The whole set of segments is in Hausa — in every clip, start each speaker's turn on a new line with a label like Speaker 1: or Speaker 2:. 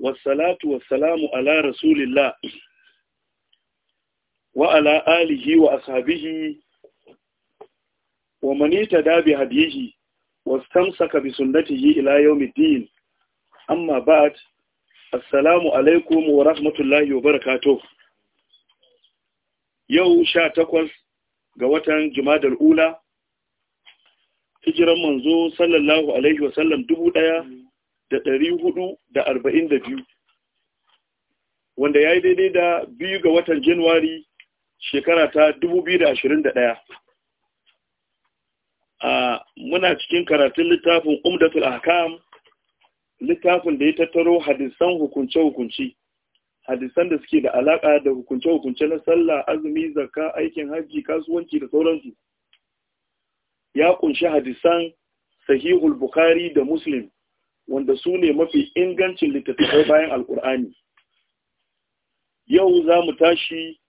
Speaker 1: wasalatu wasalamu ala rasulillah wa ala alihi wa ashabihi wa ta da bi hadihi wa sam saka bi yi ila yau mitin an ma asalamu alaikum wa rahmatullahi wa barakato yau sha takwas ga watan jima'ar ula hijiran manzo sallallahu alaihi wasallam dubu ɗaya da dari hudu da arba'in da biyu wanda ya yi daidai da biyu ga watan januwari shekara ta dubu biyu da ashirin da ɗaya a muna cikin karatun littafin umdatul ahkam littafin da ya tattaro hadisan hukunce-hukunci hadisan da suke da alaƙa da hukunce-hukunce na sallah azumi zakka aikin hajji kasuwanci da sauransu ya kunshi hadisan sahihul bukhari da muslim wanda su ne mafi ingancin littattafai bayan alkur'ani yau za mu tashi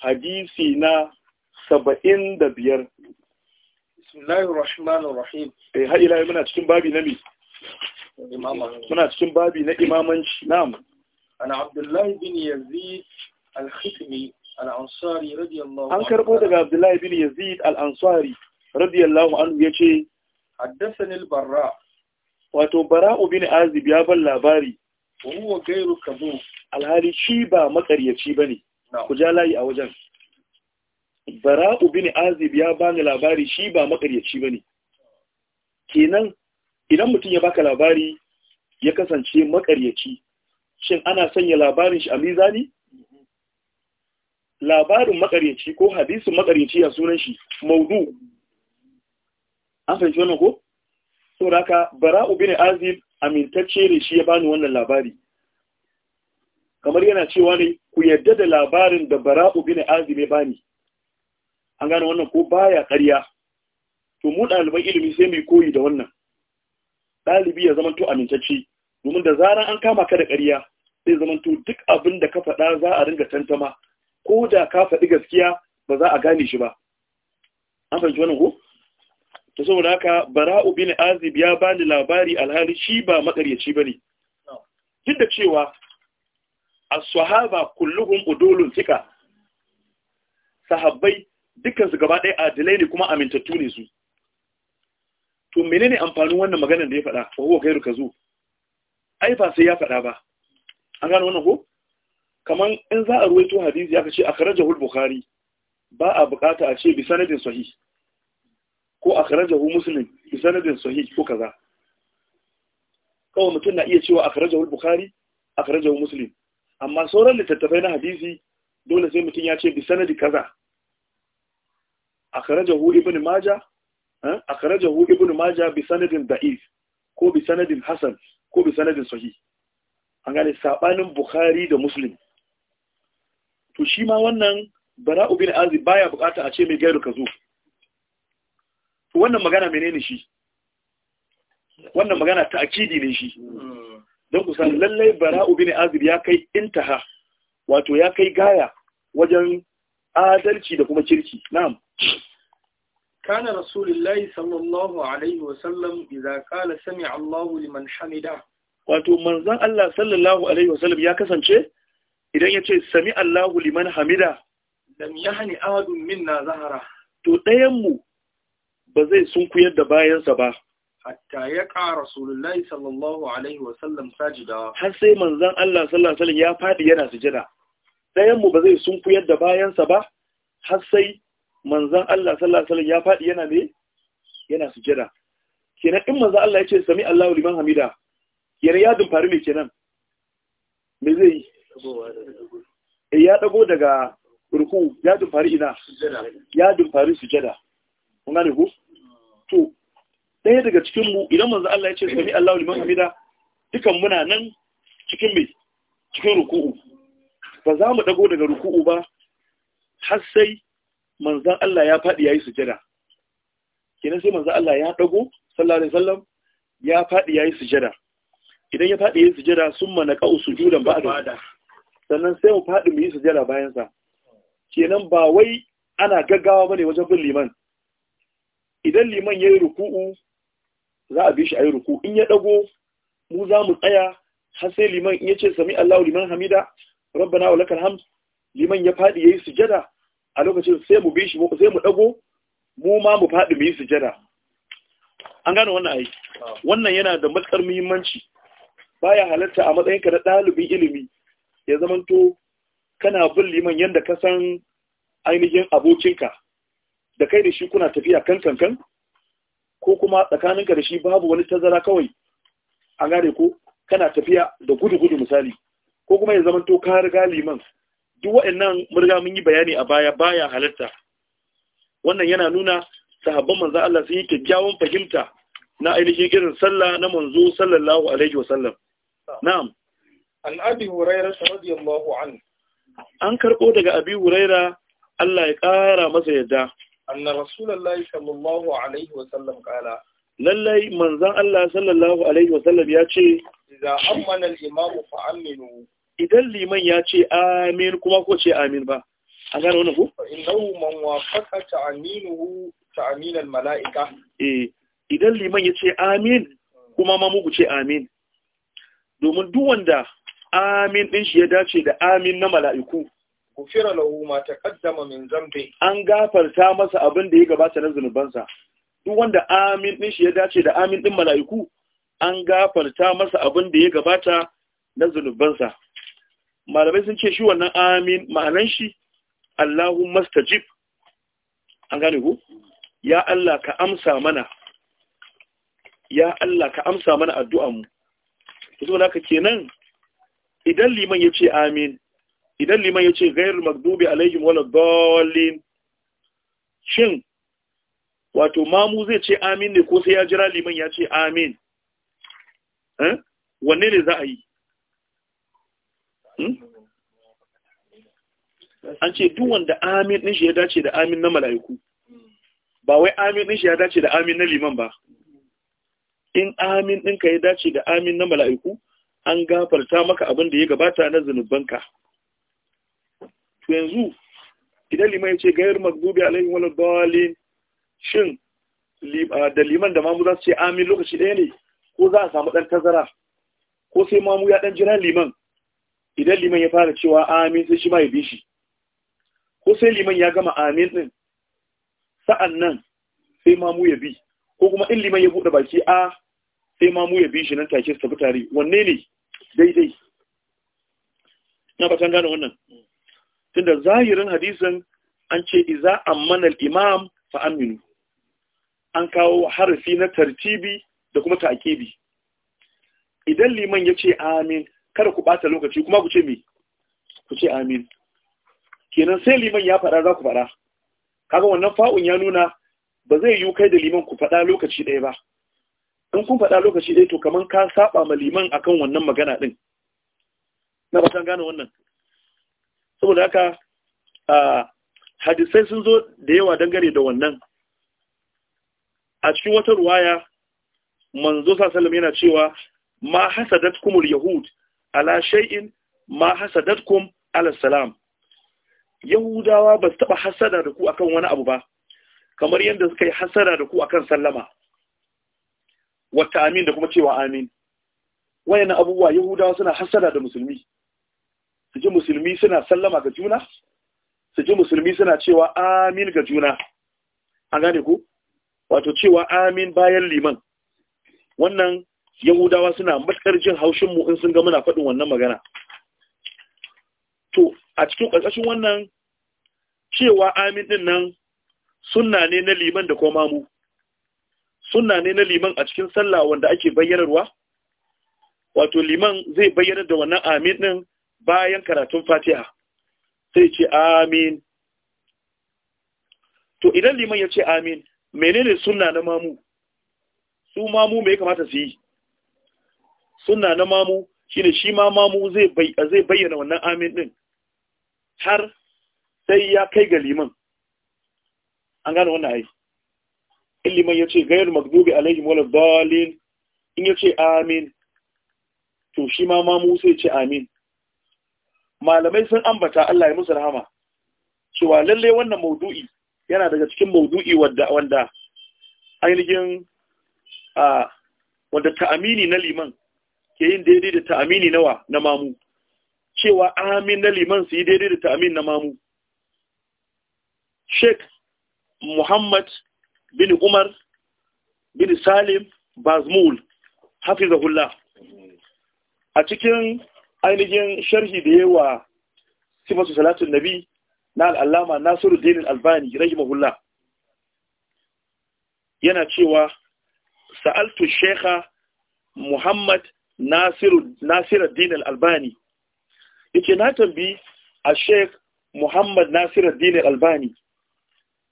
Speaker 1: hadisi na saba'in da biyar eh, muna cikin babi na muna cikin babi na imamanci الله an karɓo daga abdullahi bin yazid al-ansari radiyallahu anhu ya ce, al-barra wato bara'u bin azib ya ban labari wa gairu kabu alhali shi ba makaryaci ne, ku ja layi a wajen bara'u bin azib ya ni labari shi ba makaryaci ne. kenan idan mutum ya baka labari ya kasance makaryaci shin ana sanya labarin shi a mizani labarin makaryaci ko hadisin makaryaci a sunan shi maudu an fahimci wannan ko saboda haka bara'u bin azib amintacce ne shi ya bani wannan labari kamar yana cewa ne ku yadda da labarin da bara'u bin azib ya bani an gane wannan ko baya ƙarya to mu ɗaliban ilimi sai mu koyi da wannan ɗalibi ya zama amintacce domin da zaran an kama ka da ƙarya sai zama duk abin da ka faɗa za a ringa tantama ko da ka faɗi gaskiya ba za a gane shi ba an fahimci wannan ko to saboda haka bara'u bin azib ya bani labari alhali shi ba makaryaci bane duk da cewa as-sahaba kulluhum udulun tika sahabbai dukkan su gaba ɗaya adilai ne kuma amintattu ne su to menene amfanin wannan maganar da ya faɗa fa huwa ghairu zo? ai ba sai ya faɗa ba an gano wannan ko kaman in za a ruwaito hadisi aka ce akhrajahu al-bukhari ba a bukata a ce bi sanadin sahih ko hu muslim bi sanadin sahih ko kaza kawai mutum na iya cewa akhrajahu bukhari hu muslim amma sauran littattafai na hadisi dole sai mutum ya ce bi sanadi kaza hu ibn maja eh, hu ibn maja bi sanadin da'if ko bi sanadin hasan ko bi sanadin sahih an gane sabanin bukhari da muslim to shi ma wannan bara'u bin azib baya bukata a ce mai gairu kazu wannan magana menene shi wannan magana ta akidi ne shi don kusan lallai bara'u bin azib ya kai intaha wato ya kai gaya wajen adalci da kuma kirki na'am kana rasulullahi sallallahu alaihi wa sallam idza qala sami'a Allahu liman hamida wato manzon Allah sallallahu alaihi wa sallam ya kasance idan yace sami Allahu liman hamida lam yahni ahadun minna zahara to dayan mu ba zai sunkuyar da bayansa ba hatta ya ƙara rasulullahi sallallahu alaihi wasallam sajida har sai manzan Allah sallallahu alaihi ya faɗi yana sujada Ɗayanmu ba zai sunkuyar da bayansa ba har sai manzan Allah sallallahu alaihi ya faɗi yana me yana sujada kenan in manzan Allah ya ce sami Allah liman hamida kenan ya dumfari me kenan me zai yi eh, ya ɗago daga ruku ya dumfari ina ya dumfari sujada kun gane ku to ɗaya daga cikin mu idan manzo Allah ya ce sami Allahu liman hamida dukan muna nan cikin mai cikin ruku'u ba za mu dago daga ruku'u ba har sai manzan Allah ya faɗi yayi sujada kenan sai manzan Allah ya dago sallallahu alaihi wasallam ya faɗi yayi sujada idan ya faɗi yayi sujada summa naqa'u sujudan da sannan sai mu faɗi mu yi sujada bayan sa kenan ba wai ana gaggawa bane wajen bin liman idan liman ya yi ruku'u za a bi shi a yi ruku in ya dago mu za mu tsaya har sai liman in ya ce sami Allahu liman hamida rabbana wa lakal hamd liman ya faɗi ya yi sujada a lokacin sai mu bi shi sai mu dago mu ma mu faɗi mu yi sujada an gane wannan ayi wannan yana da matsar muhimmanci baya halarta a matsayin ka na ɗalibin ilimi ya zamanto kana bin liman yadda ka san ainihin abokinka da kai da shi kuna tafiya kan kankan ko kuma tsakaninka da shi babu wani tazara kawai a gane ko kana tafiya da gudu-gudu misali ko kuma ya zamanto ka riga liman duk waɗannan murga mun yi bayani a baya baya halarta wannan yana nuna sahabban manzo Allah sun yi kyakkyawan fahimta na ainihin irin sallah na manzo sallallahu alaihi wasallam na'am an abi hurairah radiyallahu anhu an karbo daga abi hurairah Allah ya kara masa yadda Ana rasulullahi sallallahu alaihi wa sallam qala lallai manzon Allah sallallahu alaihi wa sallam ya ce idza amana al-imam fa aminu idan liman ya ce amin kuma ko ce amin ba an gane wannan ko innahu man wafaqa ta'minuhu ta'min al-mala'ika eh idan liman ya ce amin kuma ma muku ce amin domin duk wanda amin din shi ya dace da amin na mala'iku gufira lahu ma taqaddama min zambi an gafarta masa abin da ya gabata na zanubansa duk wanda amin din shi ya dace da amin din mala'iku an gafarta masa abin da ya gabata na zanubansa malamai sun ce shi wannan amin ma'anan shi Allahumma stajib an gane ku ya Allah ka amsa mana ya Allah ka amsa mana addu'anmu kuma kenan idan liman ya ce amin idan liman ya ce gairar magdubi alaihim wala dallin shin wato mamu zai ce amin ne ko sai ya jira liman ya ce amin eh? wanne ne za a yi hmm? an ce duk wanda amin ɗin shi ya dace da amin na mala'iku ba wai amin ɗin shi ya dace da amin na liman ba in amin ɗinka ya dace da amin na mala'iku an gafarta maka abin da ya gabata na zunubanka to yanzu idan liman ya ce gayar magdubi alaihim wal dalin shin da liman da mamu za su ce amin lokaci ɗaya ne ko za a samu ɗan tazara ko sai mamu ya ɗan jira liman idan liman ya fara cewa amin sai shi ma ya bi shi ko sai liman ya gama amin ɗin sa'an nan sai mamu ya bi ko kuma in liman ya buɗe baki a sai mamu ya bi shi nan take su tafi tare wanne ne daidai na batan gane wannan tunda zahirin hadisin an ce iza ammanal imam fa aminu an kawo harafi na tartibi da kuma ta'kibi idan liman ya ce amin kada ku bata lokaci kuma ku ce me ku ce amin kenan sai liman ya faɗa za ku faɗa kaga wannan fa'un ya nuna ba zai yi kai da liman ku faɗa lokaci ɗaya ba in kun faɗa lokaci ɗaya to kaman ka saba ma liman akan wannan magana ɗin na ba gane wannan saboda haka hadisai sun zo da yawa dangane da wannan a cikin wata ruwaya manzo sallam yana cewa ma hasadatkumul yahud ala shay'in ma hasadatkum ala salam yahudawa ba su taba hasada da ku akan wani abu ba kamar yadda suka yi hasada da ku akan sallama wata amin da kuma cewa amin wayannan abubuwa yahudawa suna hasada da musulmi su ji musulmi suna sallama ga juna su ji musulmi suna cewa amin ga juna an gane ku wato cewa amin bayan liman wannan yahudawa suna matsar jin haushin mu in sun ga muna faɗin wannan magana to a cikin ƙarƙashin wannan cewa amin din nan sunna ne na liman da kuma mu sunna ne na liman a cikin sallah wanda ake bayyanarwa wato liman zai bayyanar da wannan amin din bayan karatun fatiha sai ce amin to idan liman ya ce amin menene sunna na mamu su mamu mai kamata su yi sunna na mamu shine shi ma mamu zai bayyana wannan amin din har sai ya kai ga liman an gane wannan ai in liman ya ce gayar magdubi alaihim wala dalil in ya ce amin to shi ma mamu sai ce amin malamai sun ambata Allah ya musu rahama cewa lalle wannan maudu'i yana daga cikin maudu'i wanda wanda ainihin a wanda ta'amini na liman ke yin daidai da ta'amini nawa na mamu cewa amin na liman su yi daidai da ta'amin na mamu Sheikh Muhammad bin Umar bin Salim Bazmul hafizahullah a cikin ainihin sharhi da yawa sifatu salatun nabi na al'allama nasiru dinin albani rahimahullah yana cewa sa'altu shekha muhammad nasiru dinin albani yake na tambi a sheikh muhammad nasiru dinin albani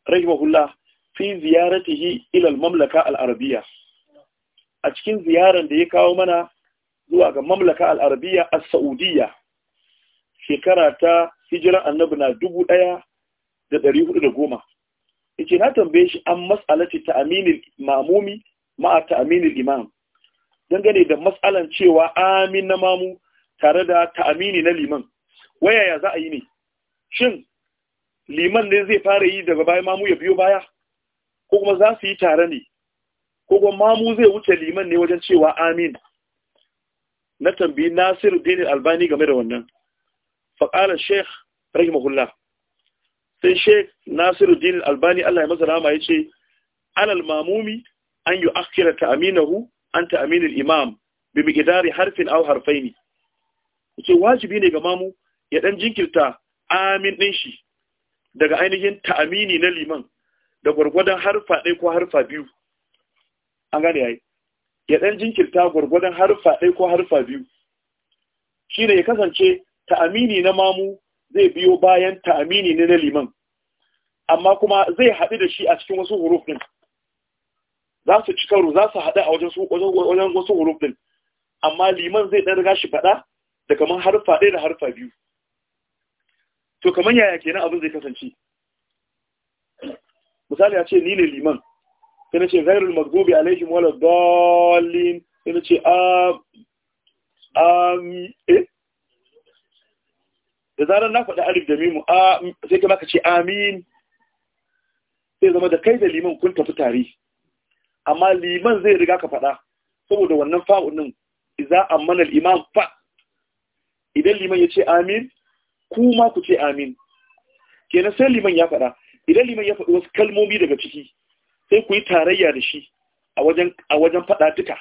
Speaker 1: rahimahullah fi ziyarar ta yi ilal mamlaka al'arabiya a cikin ziyarar da ya kawo mana zuwa ga mamlaka al'arabiya a Saudiya shekara ta hijiran annabi na dubu ɗaya da ɗari hudu da goma. Ice na tambaye shi an matsalaci ta aminin mamumi ma'a ta aminin imam. Dangane da matsalan cewa amin na mamu tare da ta na liman. Wayaya za a yi ne? Shin liman ne zai fara yi daga bayan mamu ya biyo baya? Ko kuma za su yi tare ne? Ko kuma mamu zai wuce liman ne wajen cewa amin. na tambayi Nasiru Dini Albani game da wannan faƙalar Sheikh rahimahullah sai Sheikh Nasiru Dini Albani Allah ya masa rahama yace alal mamumi an yu'akhkhira ta'minahu an ta'min imam bi miqdari harfin harfai ne. yace wajibi ne ga mamu ya ɗan jinkirta amin ɗin shi daga ainihin ta'amini na liman da gwargwadon harfa ɗaya ko harfa biyu an gane yayi ya ɗan jinkirta gwargwadon harfa ɗai ko harfa biyu shi ne ya kasance ta'amini na mamu zai biyo bayan ta'amini ne na liman amma kuma zai haɗu da shi a cikin wasu huruf ɗin za su ci karo za su haɗu a wajen wasu huruf ɗin amma liman zai ɗan riga shi faɗa da kamar harfa ɗai da harfa biyu to kamar yaya kenan abin zai kasance misali ya ce ni ne liman sai na ce ghairul magdubi alaihim wala dallin sai na ce a eh da zarar na faɗi alif da mimu sai kai ka ce amin sai zama da kai da liman kun tafi tare amma liman zai riga ka faɗa saboda wannan fa'unin za a al-imam fa idan liman ya ce amin kuma ku ce amin kenan sai liman ya faɗa idan liman ya faɗi wasu kalmomi daga ciki sai ku yi tarayya da shi a wajen a wajen faɗa tuka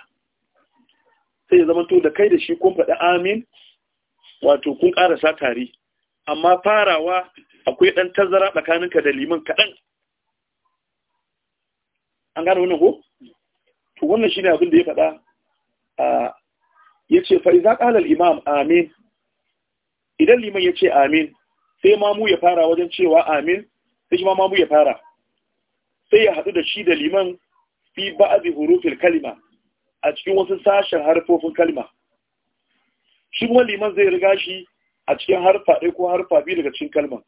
Speaker 1: sai ya zamanto da kai da shi kun faɗi amin wato kun ƙarasa tare amma farawa akwai ɗan tazara tsakaninka da liman kaɗan an gane wannan ko to wannan shine abin da ya faɗa a yace fa za qala al imam amin idan liman yace amin sai mamu ya fara wajen cewa amin sai shi mamu ya fara sai ya haɗu da shi da liman fi ba'adi hurufin kalima a cikin wasu sashen harfofin kalima shi kuma liman zai riga shi a cikin harfa ɗaya ko harfa biyu daga cikin kalman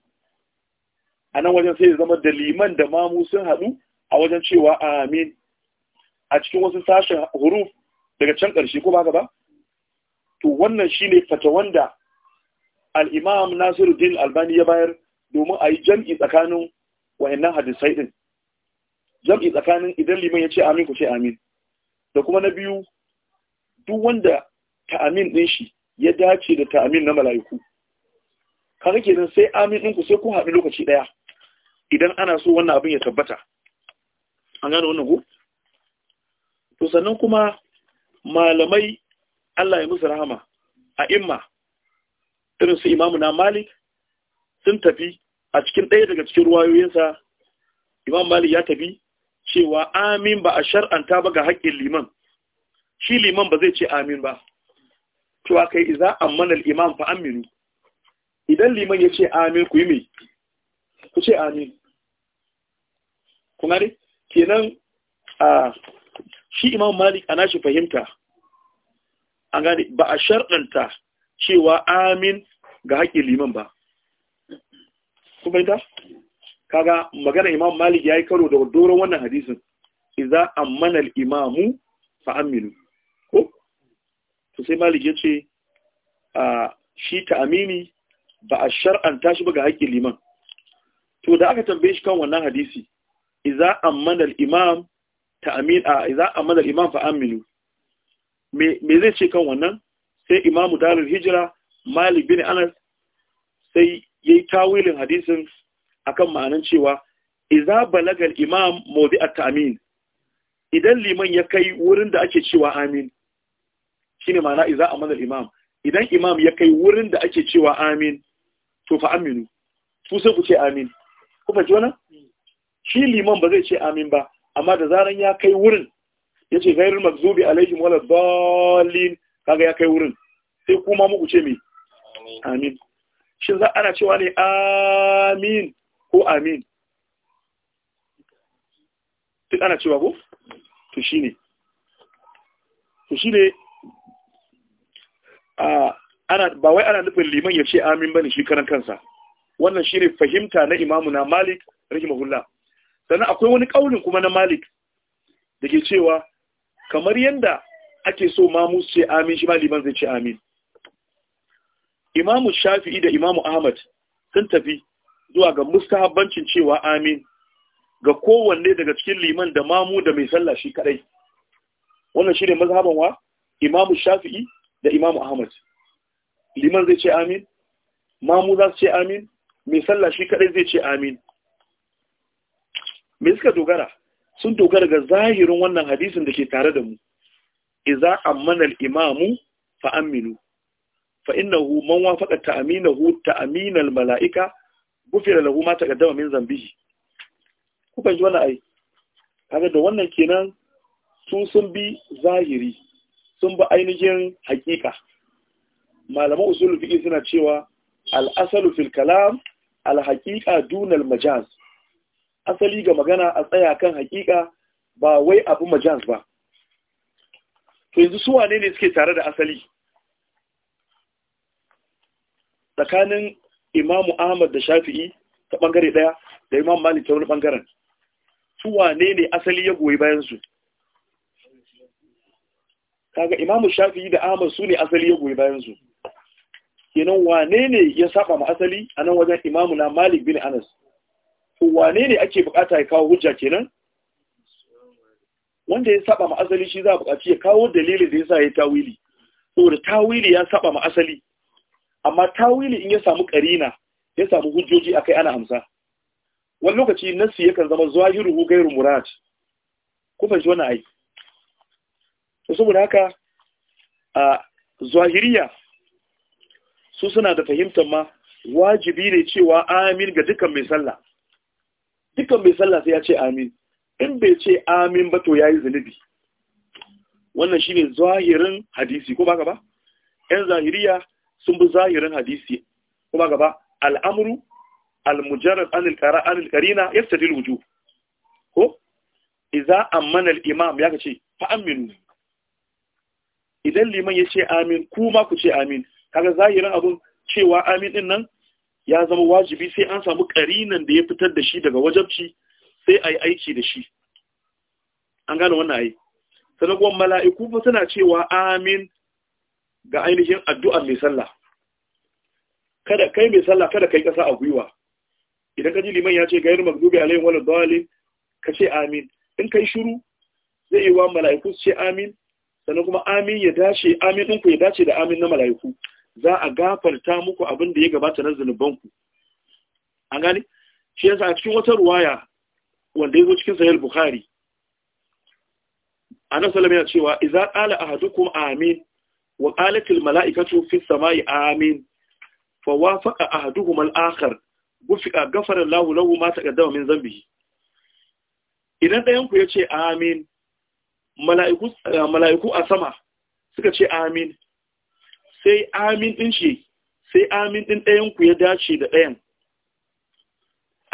Speaker 1: a nan wajen sai ya zama da liman da mamu sun haɗu a wajen cewa amin a cikin wasu sashen huruf daga can ƙarshe ko ka ba to wannan shine fata wanda al'imam Nasiru Nasiruddin Albani ya bayar domin a yi jam'i tsakanin wayannan hadisai din jam'i tsakanin idan liman ya ce amin ku ce amin da kuma na biyu duk wanda ta'amin din shi ya dace da ta'amin na mala'iku kaga kenan sai amin din ku sai kun haɗu lokaci ɗaya idan ana so wannan abin ya tabbata an gane wannan ku to sannan kuma malamai Allah ya musu rahama a imma irin su imamu na malik sun tafi a cikin ɗaya daga cikin ruwayoyinsa imam malik ya tafi cewa amin ba a shar'anta ba ga haƙƙin liman shi liman ba zai ce amin ba cewa kai iza ammanal imam fa aminu idan liman ya ce amin ku yi mai ku ce amin Kuma ne kenan a shi imam malik ana shi fahimta an gane ba a shar'anta cewa amin ga haƙƙin liman ba kun fahimta kaga magana imam malik yayi karo da doron wannan hadisin idza ammana al-imamu fa aminu ko to sai ya yace a shi ta amini ba a shar'anta shi ba ga haƙƙin liman to da aka tambaye shi kan wannan hadisi idza ammana al-imam ta amin a idza ammana al-imam fa aminu me me zai ce kan wannan sai imamu dalil hijra malik bin anas sai yayi tawilin hadisin akan ma'anar cewa iza balagal imam mawdi at-ta'min idan liman ya kai wurin da ake cewa amin shine ma'ana iza amana imam idan imam ya kai wurin da ake cewa amin to fa aminu su sai ku ce amin ku ji wannan shi liman ba zai ce amin ba amma da zaran ya kai wurin ya ce gairul magzubi alaihim wala dallin kaga ya kai wurin sai kuma muku ce me amin shin za ana cewa ne amin ko amin duk ana cewa ko to shine to shine a ana ba wai ana nufin liman ya ce amin bane shi karan kansa wannan shine fahimta na imamu na malik rahimahullah sannan akwai wani kaulin kuma na malik da ke cewa kamar yanda ake so mamu ce amin shi ma liman zai ce amin imamu shafi'i da imamu ahmad sun tafi zuwa ga mustahabbancin cewa amin ga kowanne daga cikin liman da mamu da mai sallah shi kadai wannan shi mazhaban wa imamu shafi'i da imamu ahmad liman zai ce amin mamu za su ce amin mai sallah shi kadai zai ce amin me suka dogara sun dogara ga zahirin wannan hadisin da ke tare da mu iza ammanal imamu fa aminu fa innahu man wafaqa ta'minahu ta'minal mala'ika gufira lagu ma taqaddama min zambihi ku ji wannan ai kaga da wannan kenan su sun bi zahiri sun bi ainihin hakika malaman usul fiqh suna cewa al-asalu fil kalam al-haqiqa dunal majaz asali ga magana a tsaya kan hakika ba wai abu majaz ba to yanzu su wane ne suke tare da asali tsakanin imamu ahmad da shafi'i ta bangare daya da imam malik ta wani bangaren su wane ne asali ya goyi bayan su kaga imamu shafi'i da ahmad su ne asali ya goyi bayan su kenan wane ne ya saba ma asali a nan wajen imamu na malik bin anas to wane ne ake bukata ya kawo hujja kenan wanda ya saba ma asali shi za a bukaci ya kawo dalilin da ya sa ya tawili saboda tawili ya saba ma asali amma tawili in ya samu karina ya samu hujjoji a kai ana amsa wani lokaci nasu yakan zama zahiruhu gairu murad ku fahimci wannan ai saboda haka a zahiriya su suna da fahimtar ma wajibi ne cewa amin ga dukkan mai sallah dukkan mai sallah sai ya ce amin in bai ce amin ba to yayi zunubi wannan shine zahirin hadisi ko baka ba yan zahiriya sun bi zahirin hadisi kuma gaba al'amuru? al-mujarrad an al-qara an al-qarina ko Iza amana al-imam ya ce fa aminu idan liman ya ce amin kuma ku ce amin kaga zahirin abun cewa amin din nan ya zama wajibi sai an samu karinan da ya fitar da shi daga wajabci sai a yi aiki da shi an gane wannan ayi sanakon mala'iku ba suna cewa amin ga ainihin addu'ar mai sallah kada kai mai sallah kada kai kasa a gwiwa idan ka ji liman ya ce gayar magdubi alayhi wani dalil ka ce amin in kai shiru zai yi wa mala'iku ce amin sannan kuma amin ya dace amin ɗinku ya dace da amin na mala'iku za a gafarta muku abin da ya gabata na zunubanku an gani shi yasa a cikin wata ruwaya wanda ya zo cikin sahih bukhari anas sallallahu ya cewa idza qala kuma amin wa qalatil mala'ikatu fis samai amin fa wafaqa ahaduhum al-akhar gufika ghafara Allahu lahu ma taqaddama min dhanbihi idan ɗayan ku ce amin mala'iku eh, mala'iku a sama suka ce amin sai amin ɗin shi sai amin ɗin ɗayan ku ya dace da ɗayan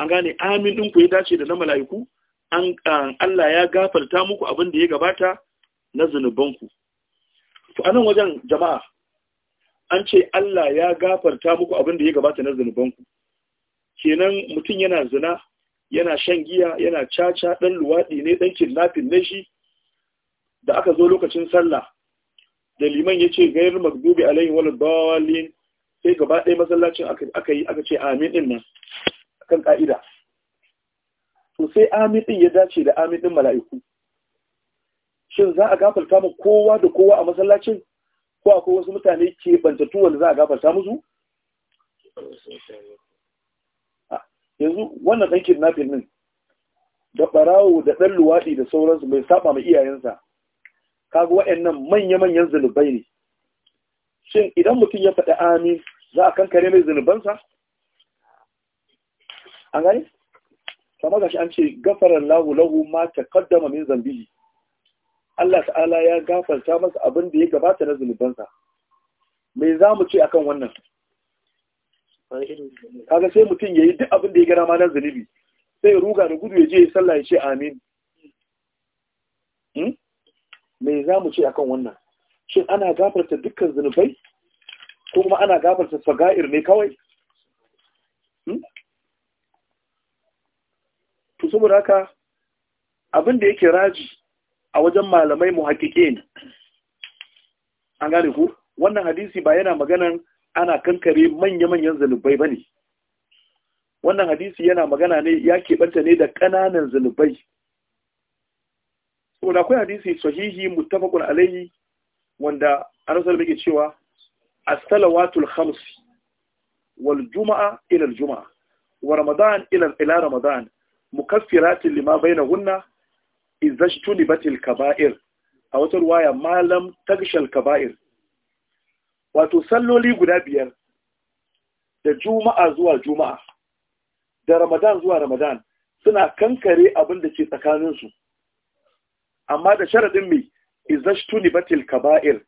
Speaker 1: an gane amin din ku ya dace da na mala'iku an Allah ya gafarta muku abin da ya gabata na zunubanku to anan wajen jama'a an ce Allah ya gafarta muku abin da ya gabata na zunubanku kenan mutum yana zina yana shan giya yana caca dan luwaɗi ne dan kidnapping ne shi da aka zo lokacin sallah da liman ya ce gairar magdubi alaihi wal bawalin. sai gaba ɗaya masallacin aka yi aka ce amin din nan kan ka'ida to sai amin din ya dace da amin ɗin mala'iku shin za a gafarta mu kowa da kowa a masallacin ko akwai wasu mutane ke bantattu wanda za a gafarta musu ah, yanzu wannan dan kidnapping din da ɓarawo da ɗan luwaɗi da sauransu mai saba mai iyayensa kaga waɗannan manya-manyan zunubai ne shin idan mutum ya faɗi amin za a kankare mai zunubansa an gani? kamar gashi an ce gafarar lahu lahu ma ta kaddama min zambihi Allah ta'ala ya gafarta masa abin da ya gabata na zunubansa me za mu ce akan wannan kaga sai mutum ya yi duk abin da ya gara ma na zunubi sai ruga da gudu ya je ya sallah ya ce amin hmm? me za mu ce akan wannan shin ana gafarta dukkan zunubai ko kuma ana gafarta saga'ir ne kawai hmm? Tusubu saboda haka abin da yake raji a wajen malamai mu ne. an gane ku wannan hadisi ba yana maganan ana kankare manya-manyan zanubai ne. wannan hadisi yana magana ne ya keɓanta ne da ƙananan zanubai saboda akwai hadisi sahihi muttafaqun alaihi wanda anasar muke cewa as-salawatul khams wal juma'a ila juma'a wa ramadan ila ila ramadan mukaffiratin lima bainahunna tuni batil kaba'ir a wata ruwaya malam tagshal kaba'ir wato salloli guda biyar da juma'a zuwa juma'a da ramadan zuwa ramadan suna kankare abin da ke tsakaninsu amma da sharadin mai tuni batil kaba'ir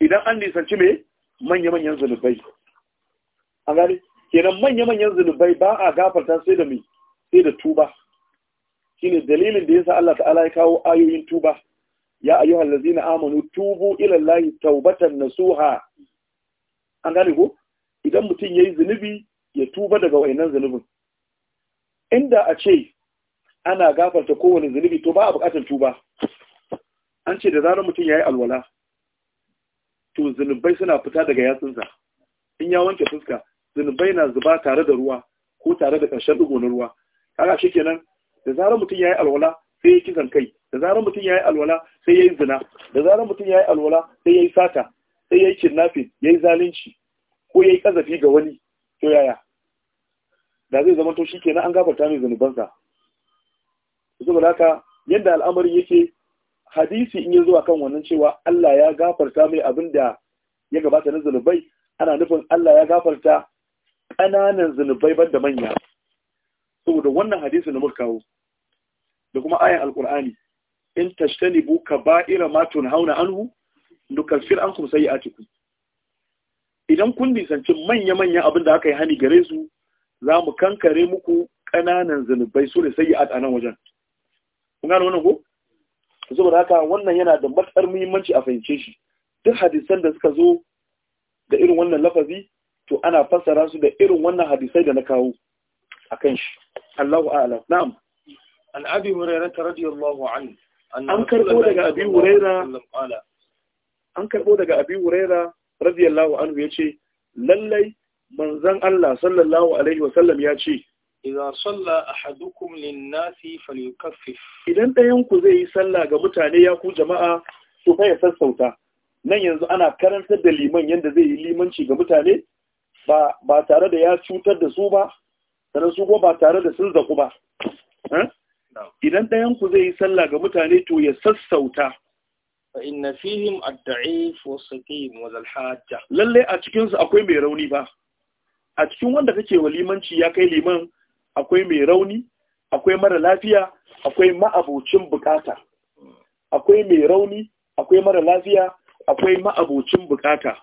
Speaker 1: idan an nisanci mai manya-manyan zunubai an gane kenan manya-manyan zunubai ba a gafarta sai da mai sai da tuba shine dalilin da yasa Allah ta'ala ya kawo ayoyin tuba ya ayyuhal ladzina amanu tubu ila Allahi taubatan nasuha an gane ko idan mutum yayi zunubi ya tuba daga wayannan zunubin inda a ce ana gafarta kowane zunubi to ba a bukatar tuba an ce da zarar mutum yayi alwala to zunubai suna fita daga yatsunsa in ya wanke fuska zunubai na zuba tare da ruwa ko tare da ƙarshen ɗigo na ruwa kaga shikenan da zarar mutum ya yi alwala sai ya yi kisan kai da zarar mutum ya yi alwala sai ya yi zina da zarar mutum ya yi alwala sai ya yi sata sai ya yi kidnapping ya yi zalunci ko ya yi kazafi ga wani to yaya da zai zama to shikenan an gafarta mai zunubansa saboda haka yadda al'amarin yake hadisi in ya zuwa kan wannan cewa Allah ya gafarta mai abin da ya gabata na zunubai ana nufin Allah ya gafarta ƙananan zunubai banda manya saboda wannan hadisin da muka kawo da kuma ayan alkur'ani in tajtanibu kaba'ira ma tunhauna anhu nukaffir ankum sayi'atikum idan kun nisanci manya-manyan abin da aka yi hani gare su za mu kankare muku ƙananan zunubai su ne sayi'at a nan wajen kun gano wannan ko saboda haka wannan yana da matsar muhimmanci a fahimce shi duk hadisan da suka zo da irin wannan lafazi to ana fassara su da irin wannan hadisai da na kawo akan shi Allahu a'lam na'am an abi ta radiyallahu anhu an karbo daga abi hurairah an karbo daga abi hurairah radiyallahu anhu yace lallai manzon Allah sallallahu alaihi wasallam ya ce idza salla ahadukum lin-nasi falyukaffif idan ɗayan ku zai yi sallah ga mutane ya ku jama'a to fa ya sassauta nan yanzu ana karantar da liman yanda zai yi limanci ga mutane ba ba tare da ya cutar da su ba sannan su ba tare da sun zaku ba eh? idan ɗayan ku zai yi sallah ga mutane to ya sassauta fa inna fihim ad-da'if wa saqim wa hajja lalle a cikin su akwai mai rauni ba a cikin wanda kake walimanci ya kai liman akwai mai rauni akwai mara lafiya akwai ma'abocin bukata akwai mai rauni akwai mara lafiya akwai ma'abocin bukata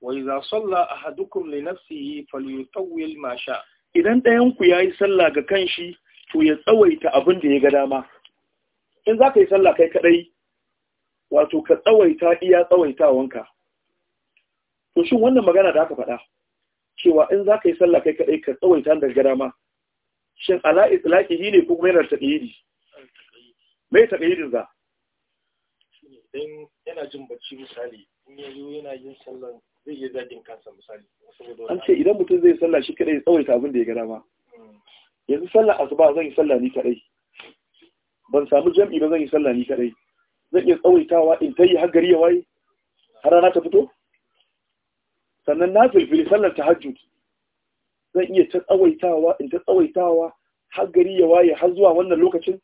Speaker 1: wa idza salla ahadukum li nafsihi falyutawwil ma sha idan ɗayanku ya yi sallah ga kan shi, to ya tsawaita abin da ya ga dama in za ka yi sallah kai kaɗai wato ka tsawaita iya tsawaitawanka to shin wannan magana da aka faɗa cewa in za ka yi sallah kai kaɗai ka tsawaita da ga dama shin ala shi ne ko kuma yana taƙayyidi me taƙayyidin za yana jin bacci misali in yanzu yana yin sallan zai iya zagin kansa misali an ce idan mutum zai sallah shi kadai ya tsawaita abin da ya gada ma yanzu sallah asuba zan yi sallah ni kadai ban samu jam'i ba zan yi sallah ni kadai zan iya tsawaitawa in ta yi har gari ya waye har rana ta fito sannan na filfili sallar tahajjud zan iya ta tsawaitawa in ta tsawaitawa har gari ya waye har zuwa wannan lokacin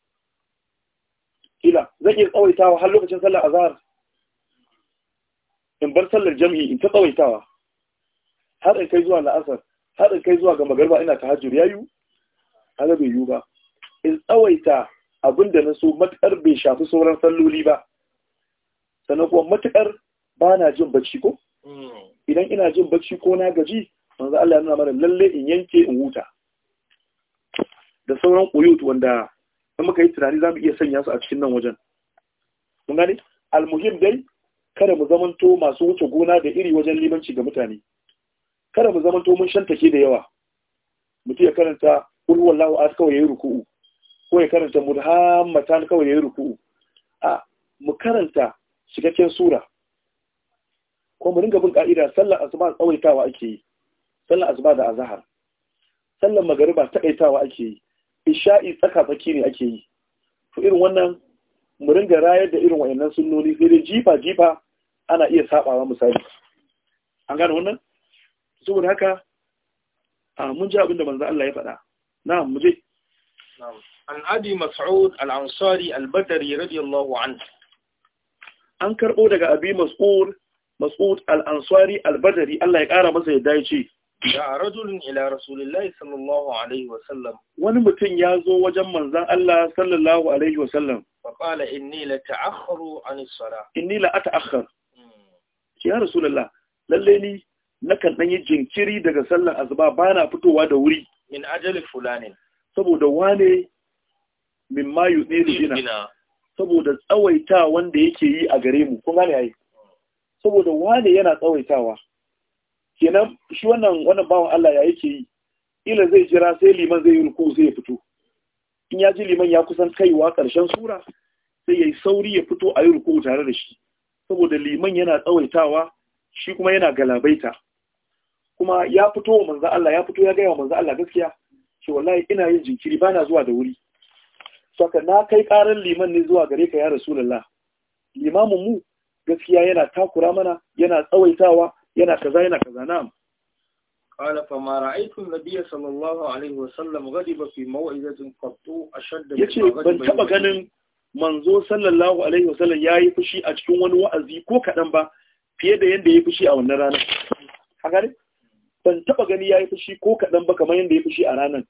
Speaker 1: kila zan iya tsawaitawa har lokacin sallar azhar in bar sallar jam'i in ta tsawaitawa har in kai zuwa la'asar har in kai zuwa ga magarba ina ta hajjur yayu haka bai yiwu ba in tsawaita abin da na so matuƙar bai shafi sauran salloli ba sannan kuma matuƙar ba na jin bacci ko idan ina jin bacci ko na gaji manzo Allah ya nuna mana lalle in yanke in huta da sauran koyot wanda in muka yi tunani za mu iya sanya su a cikin nan wajen kun gane almuhim dai kada mu zamanto masu wuce gona da iri wajen limanci ga mutane kada mu zamanto mun ke da yawa mutu ya karanta kul wallahu kawai ya yi ruku'u ko ya karanta mudhammatan kawai ya yi ruku'u a mu karanta shigaken sura ko mu ringa bin ka'ida sallar asuba tsawaitawa ake yi sallar asuba da azahar sallar magariba takaitawa ake yi isha'i tsaka tsaki ne ake yi to irin wannan mu ringa rayar da irin wayannan sunnoni sai dai jifa jifa ana iya sabawa misali an gane wannan saboda haka a mun ji abinda da manzo Allah ya faɗa na'am mu je na'am an abi mas'ud al-ansari al-badri radiyallahu anhu an karbo daga abi mas'ud mas'ud al-ansari al-badri Allah ya kara masa yadda ya ce da rajulun ila rasulillahi sallallahu alaihi wa sallam wani mutum ya zo wajen manzon Allah sallallahu alaihi wa sallam faƙala inni la ta'akhkharu an as-sala inni la ata'akhkhar ya rasulullah lalle ni nakan dan yi jinkiri daga sallar azuba, bana fitowa da wuri min ajali fulanin saboda wane min ma yudiri bina saboda tsawaita wanda yake yi a gare mu kun gane yayi yana tsawaitawa kenan shi wannan wannan bawan Allah ya yake yi ila zai jira sai liman zai yi ruku sai ya fito in ya ji liman ya kusan kaiwa ƙarshen sura sai ya yi sauri ya fito a yi ruku tare da shi saboda liman yana tsawaitawa shi kuma yana galabaita kuma ya fito wa manzan Allah ya fito ya gaya wa manza Allah gaskiya ce wallahi ina yin jinkiri bana zuwa da wuri saka na kai karar liman ne zuwa gare ka ya rasulullah limamin mu gaskiya yana takura mana yana tsawaitawa yana kaza yana kaza na'am قال فما رأيت النبي صلى الله عليه وسلم غضب في موعظة قط أشد من غضب ban taba ganin manzo sallallahu alaihi wasallam yayi fushi a cikin wani wa'azi ko kadan ba fiye da yanda yayi fushi a wannan rana ban taba gani yayi fushi ko kadan ba kamar yanda yayi fushi a ranar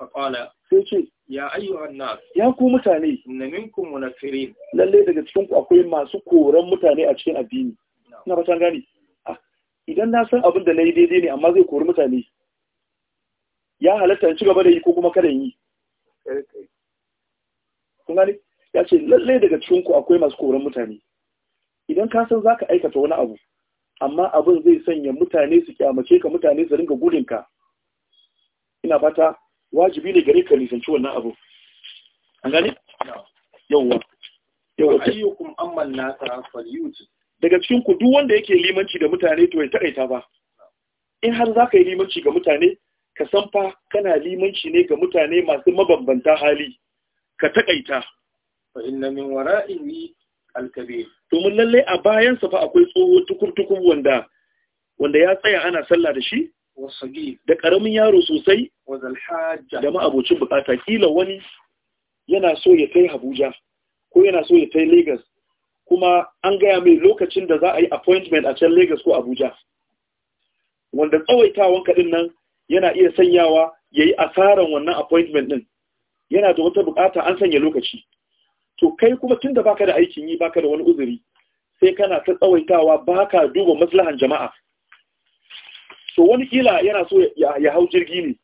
Speaker 1: faqala sai ce ya ayyuhan nas ya ku mutane inna minkum munafirin lalle daga cikin ku akwai masu koran mutane a cikin addini idan na san abin da na yi daidai ne amma zai kori mutane ya halatta ci gaba da yi ko kuma kada yi Kuma ne ya ce lalle daga cikin ku akwai masu koran mutane idan ka san zaka aikata wani abu amma abin zai sanya mutane su kyamace ka mutane su ringa gudunka, ka ina fata wajibi ne gare ka nisanci wannan abu an gani yawwa yawwa ayyukum amman nasa falyuti daga cikin ku duk wanda yake limanci da mutane to ya takaita ba in har za ka yi limanci ga mutane ka san fa kana limanci ne ga mutane masu mabambanta hali ka takaita fa inna min wara'ihi alkabir to mun lalle a bayan sa fa akwai tsoho tukur wanda wanda ya tsaya ana sallah da shi da karamin yaro sosai da ma'abocin bukata kila wani yana so ya kai Habuja ko yana so ya kai Lagos kuma an gaya mai lokacin da za a yi appointment a can Lagos ko Abuja wanda tsawaitawan kaɗin nan yana iya sanyawa ya yi asaran wannan appointment ɗin yana da wata bukata an sanya lokaci to kai kuma tun da baka da aikin yi baka da wani uzuri sai kana ta tsawaitawa baka duba maslahan jama'a to wani kila yana so ya hau jirgi ne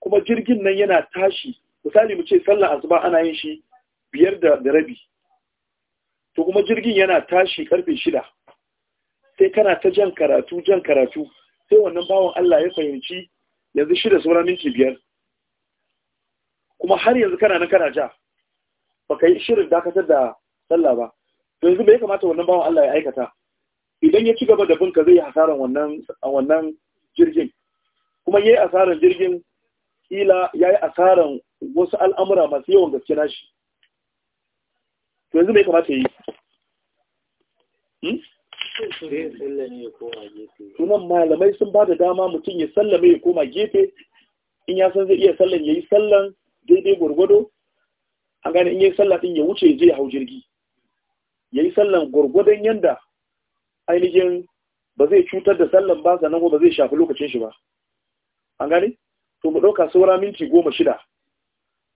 Speaker 1: kuma jirgin nan yana tashi misali mu ce sallar asuba ana yin shi biyar da rabi to kuma jirgin yana tashi karfe shida sai kana ta jan karatu jan karatu sai wannan bawan Allah ya fahimci yanzu shida sauran minti biyar kuma har yanzu kana nan kana ja baka yi shirin dakatar da sallah ba yanzu bai kamata wannan bawan Allah ya aikata idan ya ci gaba da binka zai yi hasaran wannan wannan jirgin kuma yayi asaran jirgin kila yayi asaran wasu al'amura masu yawan gaske nashi to yanzu bai kamata yi Hmm? sunan malamai sun ba da dama mutum ya sallame ya koma gefe in ya san zai iya sallan ya yi sallan daidai gwargwado an gani in ya yi sallan din ya wuce ya je ya hau jirgi ya yi sallan gwargwadon yanda ainihin ba zai cutar da sallan ba sannan ko ba zai shafi lokacin shi ba an gani to mu ɗauka saura minti goma shida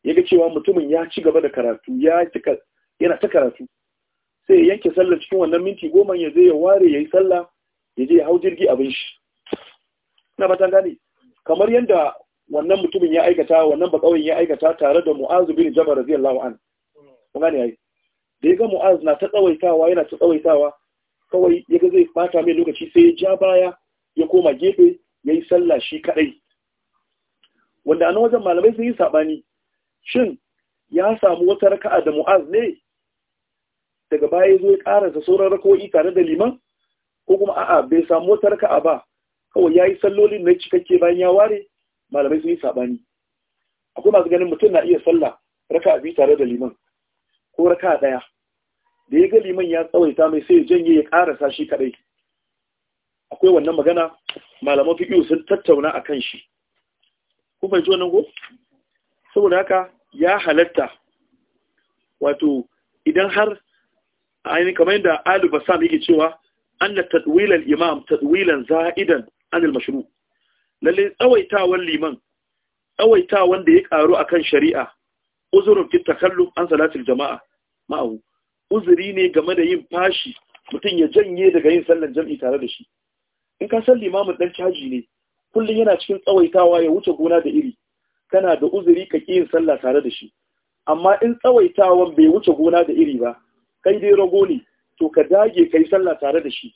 Speaker 1: ya ga cewa mutumin ya ci gaba da karatu ya yana ta karatu sai ya yanke sallar cikin wannan minti goma ya je ya ware ya yi sallah ya je ya hau jirgi abin shi na fatan gane kamar yadda wannan mutumin ya aikata wannan bakawin ya aikata tare da mu'azu bin jabal radiyallahu an kun gane da ya ga mu'az na ta tsawaitawa yana ta tsawaitawa kawai ya ga zai bata mai lokaci sai ya ja baya ya koma gefe ya yi sallah shi kaɗai. wanda a wajen malamai sun yi saɓani, shin ya samu wata raka'a da mu'az ne daga baya zo ya karanta sauran rakowi tare da liman ko kuma a'a bai samu wata raka'a ba kawai ya yi sallolin na cikakke bayan ya ware malamai sun yi saɓani akwai masu ganin mutum na iya sallah raka'a biyu tare da liman ko raka'a ɗaya da ya ga liman ya tsawaita mai sai ya janye ya karasa shi kaɗai akwai wannan magana malaman fiƙi sun tattauna a kan shi ko fahimci wannan ko saboda haka ya halatta wato idan har ainihin kamar yadda Ali Bassam yake cewa anna tadwilal imam tadwilan za'idan anil mashru lalle tsawaitawan liman tsawaitawan da ya karu akan shari'a uzurin fi takallum an salatul jama'a ma'ahu uzuri ne game da yin fashi mutum ya janye daga yin sallan jam'i tare da shi in ka san limamin dan caji ne kullum yana cikin tsawaitawa ya wuce gona da iri kana da uzuri ka ƙi yin sallah tare da shi amma in tsawaitawan bai wuce gona da iri ba kai dai rago ne to ka dage kai sallah tare da shi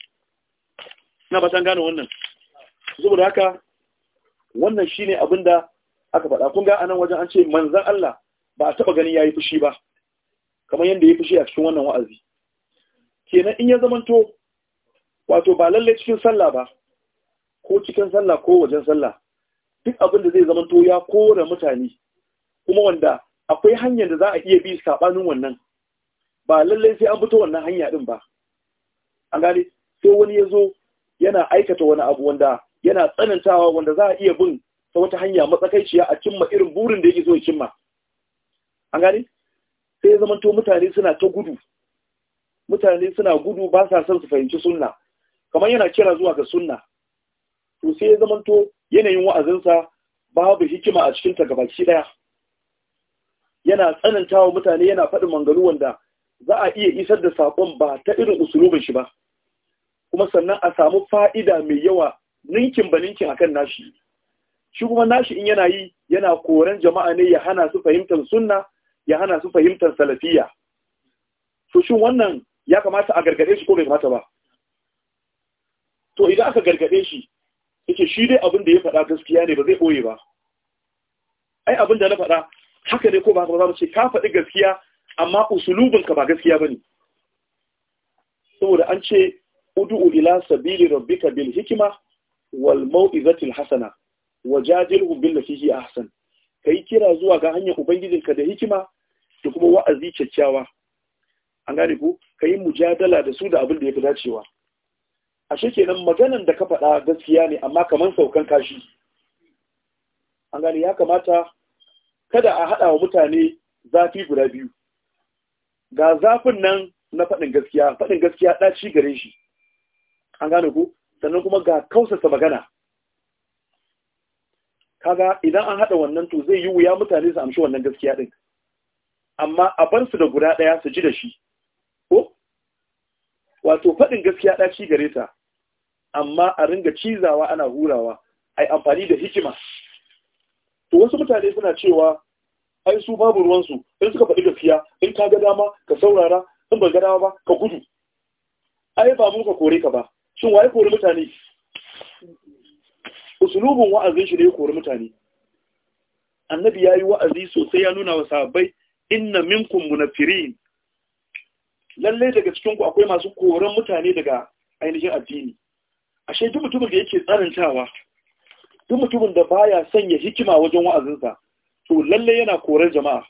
Speaker 1: ina ba san gane wannan saboda haka wannan shine abin da aka faɗa kun ga anan wajen an ce manzan Allah ba a taɓa ganin yayi fushi ba kamar yadda ya fushi a cikin wannan wa'azi kenan in ya zamanto wato ba lalle cikin sallah ba ko cikin sallah ko wajen sallah duk abin da zai zamanto ya kora mutane kuma wanda akwai hanyar da za a iya bi saɓanin wannan ba lallai sai an fito wannan hanya din ba an gane sai wani ya zo yana aikata wani abu wanda yana tsanantawa wanda za a iya bin ta wata hanya matsakaiciya a cimma irin burin da yake zo ya cimma an gane sai ya zamanto mutane suna ta gudu mutane suna gudu ba sa son su fahimci sunna kamar yana kira zuwa ga sunna to sai ya zamanto yanayin wa'azinsa babu hikima a cikin ta gabaki daya yana tsanantawa mutane yana faɗin mangalu wanda za a iya isar da saƙon ba ta irin usulubin shi ba kuma sannan a samu fa'ida mai yawa ninkin ba ninkin akan nashi shi kuma nashi in yana yi yana koren jama'a ne ya hana su fahimtar sunna ya hana su fahimtar salafiya to shi wannan ya kamata a gargade shi ko bai kamata ba to idan aka gargade shi yake shi dai abin da ya faɗa gaskiya ne ba zai ɓoye ba ai abin da na faɗa haka ne ko ba za mu ce ka faɗi gaskiya amma usulubinka ba gaskiya ba ne saboda an ce udu'u ila sabili rabbika bil hikima wal mau'izatil hasana wajadilhu billati hi ahsan kai kira zuwa ga hanyar ubangijinka da hikima da kuma wa'azi kyakkyawa an gane ku kai mujadala da su da abin da fi dacewa ashe kenan maganan da ka faɗa gaskiya ne amma kamar saukan kashi an gane ya kamata kada a haɗa wa mutane zafi guda biyu ga zafin nan na faɗin gaskiya faɗin gaskiya ɗaci gare shi an gane ku sannan kuma ga kausasa magana kaga idan an haɗa wannan to zai yi wuya mutane su amshi wannan gaskiya ɗin amma a bar su da guda ɗaya su ji da shi ko wato faɗin gaskiya ɗaci gare ta amma a ringa cizawa ana hurawa a amfani da hikima to wasu mutane suna cewa ai su babu ruwansu in suka faɗi gaskiya in ka ga dama ka saurara in ba ga dama ba ka gudu ai ba mu ka kore ka ba shin waye kore mutane usulubun wa'azin shi ne ya kore mutane annabi yayi wa'azi sosai ya nuna wa sahabbai inna minkum munafirin lalle daga cikin ku akwai masu koren mutane daga ainihin addini ashe duk mutumin da yake tsarantawa duk mutumin da baya sanya hikima wajen wa'azinsa to lalle yana korar jama'a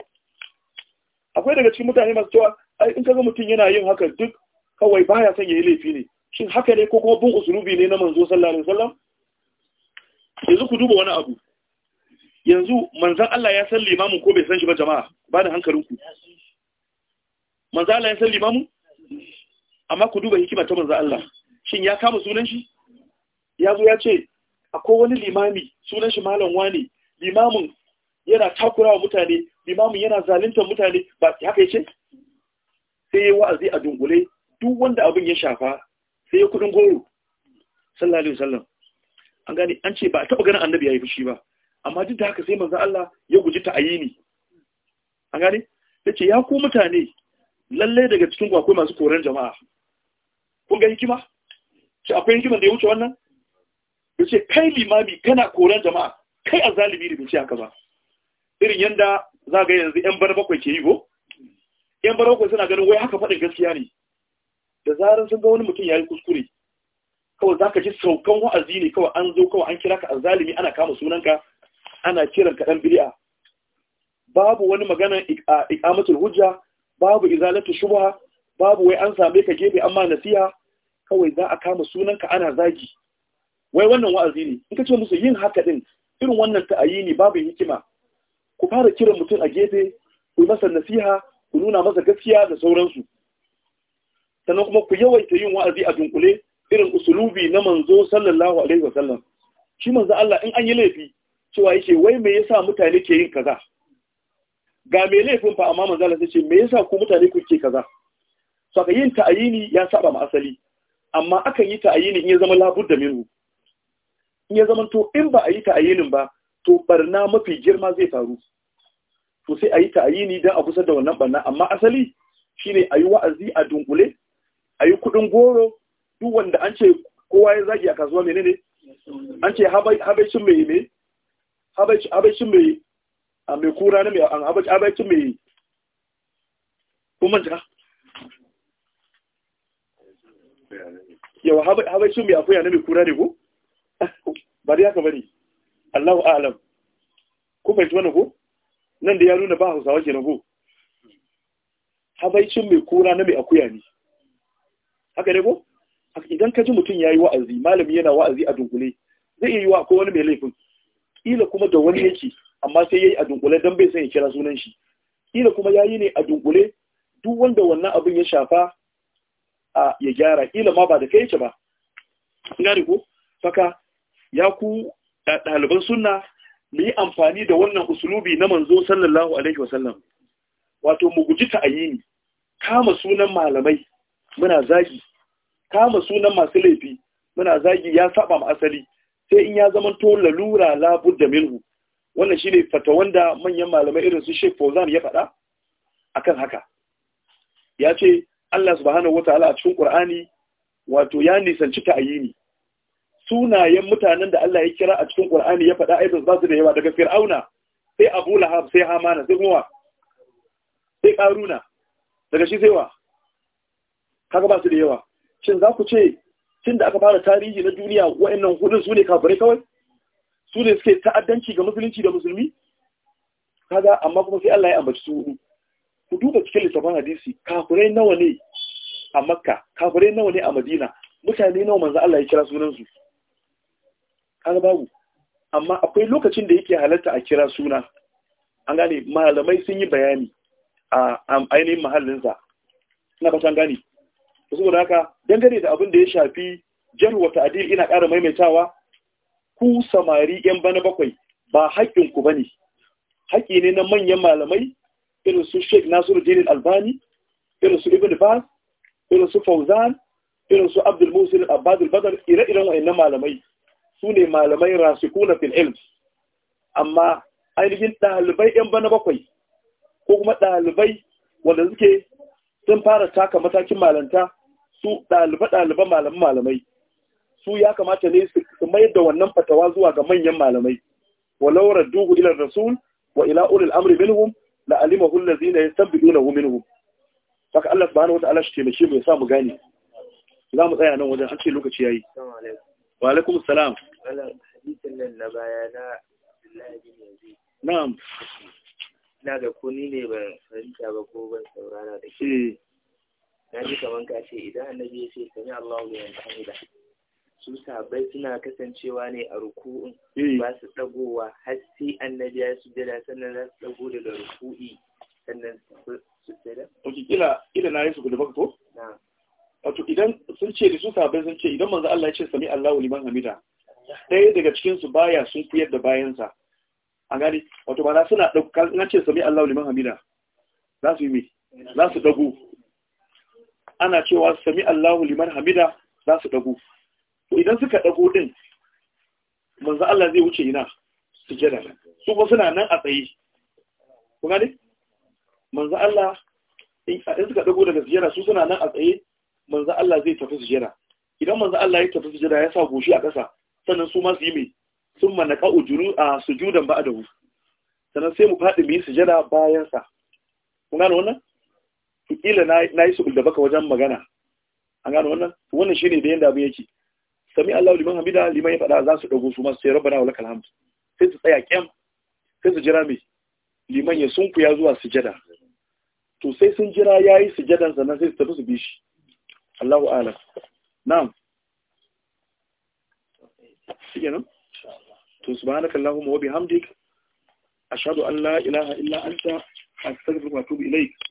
Speaker 1: akwai daga cikin mutane masu cewa ai in kaga mutum yana yin haka duk kawai baya son yayi laifi ne shin haka ne ko kuma bin usulubi ne na manzo sallallahu alaihi wasallam yanzu ku duba wani abu yanzu manzon Allah ya san limamin ko bai san shi ba jama'a ba da ku. manzon Allah ya san limamin amma ku duba hikima ta manzon Allah shin ya kama sunan shi ya zo ya ce akwai wani limami sunan shi malam wani limamin yana takura wa mutane limamin yana zaluntar mutane ba haka yace sai ya wa'azi a dungule duk wanda abin ya shafa sai ya kudin goro sallallahu alaihi an gani an ce ba a taba ganin annabi yi fushi ba amma duk da haka sai manzo Allah ya guji ta ayini an gani yace ya ku mutane lalle daga cikin kwakwai masu koran jama'a kun ga hikima ce akwai hikima da ya wuce wannan yace kai limami kana koran jama'a kai zalibi da da ci haka ba irin yanda za ga yanzu yan bar bakwai ke yi ko? yan bar bakwai suna ganin wai haka faɗin gaskiya ne da zarar sun ga wani mutum ya yi kuskure kawai za ka ji saukan wa'azi ne kawai an zo kawai an kira ka azalimi ana kama sunanka ana kiran ka ɗan biri'a babu wani magana ikamatul hujja babu izalatu shubha babu wai an same ka gefe amma nasiha kawai za a kama sunanka ana zagi wai wannan wa'azi ne in ka ce musu yin haka din irin wannan ta'ayi ne babu hikima ku fara kiran mutum a gefe ku masa nasiha ku nuna masa gaskiya da sauransu sannan kuma ku yawaita yin wa'azi a dunkule irin usulubi na manzo sallallahu alaihi sallam shi manzo Allah in an yi laifi cewa yake wai me yasa mutane ke yin kaza ga me laifin fa amma manzo Allah ce me yasa ku mutane ke kaza saka yin ta'ayini ya saba ma asali amma akan yi ta'ayini in ya zama labudda minhu in ya zama to in ba a yi ta'ayinin ba to barna mafi girma zai faru to sai a yi ni don a kusa da wannan barna amma asali shine a yi wa'azi a dunkule a yi kuɗin goro duk wanda an ce kowa ya zagi a kasuwa ne? an ce habaicin mai ne habaicin mai a mai kura na mai an habaicin mai kuma jira yawa habaicin mai akuya na mai kura ne ko bari haka bari Allahu a'lam ku fahimci wannan ku nan da ya nuna ba Hausawa kenan ko habaicin mai kura na mai akuya ne haka ne ko idan ka ji mutum ya yi wa'azi malami yana wa'azi a dunkule zai iya yi wa ko wani mai laifin ƙila kuma da wani yake amma sai ya yi a dunkule don bai san ya kira sunan shi ƙila kuma ya yi ne a dunkule duk wanda wannan abin ya shafa a ya gyara ƙila ma ba da kai ce ba gane ko Faka ya ku ɗaliban sunna mu yi amfani da wannan usulubi na manzo sallallahu alaihi wasallam wato mu guji ta'ayini kama sunan malamai muna zagi kama sunan masu laifi muna zagi ya saba ma asali sai in ya zama to lalura da minhu wannan shine fatawan da manyan malamai irin su Sheikh fozan ya faɗa kan haka ya ce Allah subhanahu wataala a cikin Ƙur'ani, wato ya nisanci ta'ayini sunayen mutanen da Allah ya kira a cikin Qur'ani ya faɗa aibin za su da yawa daga Fir'auna sai Abu Lahab sai Hamana sai Muwa sai Karuna daga shi sai wa kaga ba su da yawa shin za ku ce tun da aka fara tarihi na duniya wa'annan hudun su ne kafirai kawai su ne suke ta'addanci ga musulunci da musulmi kaga amma kuma sai Allah ya ambaci su hudu ku duba cikin littafin hadisi kafirai nawa ne a Makka kafirai nawa ne a Madina mutane nawa manzo Allah ya kira sunan su har babu amma akwai lokacin da yake halarta a kira suna an gane malamai sun yi bayani a ainihin mahallinsa ina ba gane saboda haka dangane da abin da ya shafi jarhu wa adil ina ƙara maimaitawa ku samari yan bana bakwai ba haƙƙinku ba ne. haƙƙi ne na manyan malamai irin su Sheikh Dinin Albani irin su Ibn Baz irin su Fauzan irin su Abdul Musin Abbad ire-iren wayannan malamai su ne malamai rasikuna fil ilm amma ainihin ɗalibai ‘yan bana bakwai ko kuma ɗalibai wanda suke sun fara taka matakin malanta su ɗaliba-ɗaliba malamin malamai su ya kamata ne su mayar da wannan fatawa zuwa ga manyan malamai walau duhu ila rasul wa ila ulil amri minhum la alimahu allazina yastabidunahu minhum saka Allah subhanahu wa ta'ala shi taimake mu ya sa mu gane za mu tsaya nan wajen an lokaci yayi wa alaikum salam Alam hadisin nan na baya na Abdullahi bin Yazid. Na'am. Ina da ko ne ban fahimta ba ko ban saurara da shi. Eh. Na ji kamar ka ce idan annabi ya ce sami Allahu liman hamida. Su sabai suna kasancewa ne a ruku'un eh. ba su dagowa har sai annabi ya sujada sannan za su dago daga ruku'i sannan su sujada. Ok, kila kila na yi su gudu baka ko? Na'am. Wato idan sun ce da su sabai sun ce idan manzo Allah ya ce sami Allahu liman hamida. ɗaya daga cikinsu baya sun fiyar da bayansa a gani wato ba na suna ɗauka na ce sami Allah liman hamida za su yi mai za su ɗagu ana cewa sami Allah liman hamida za su ɗagu idan suka ɗagu ɗin manzo Allah zai wuce ina su jira? su kuma suna nan a tsaye Ko gani manzo Allah in suka ɗago daga sujada su suna nan a tsaye manzo Allah zai tafi jira. idan manzo Allah ya tafi jira, ya sa goshi a ƙasa sannan su ma su yi mai sun mana ka'u juru a sujudan ba da sannan sai mu faɗi mu yi sujada bayan sa kun gano wannan to kila na yi su da baka wajen magana an gano wannan wannan shine da yanda abu yake sami Allah liman hamida liman ya faɗa za su ɗago su ma sai rabbana walakal hamd sai su tsaya kyam sai su jira mai liman ya sunkuya zuwa sujada to sai sun jira yayi sujadan sannan sai su tafi su bi shi Allahu a'lam na'am shikenan to subhanakallahumma wa bihamdik ashhadu an la ilaha illa anta astaghfiruka wa atubu ilaik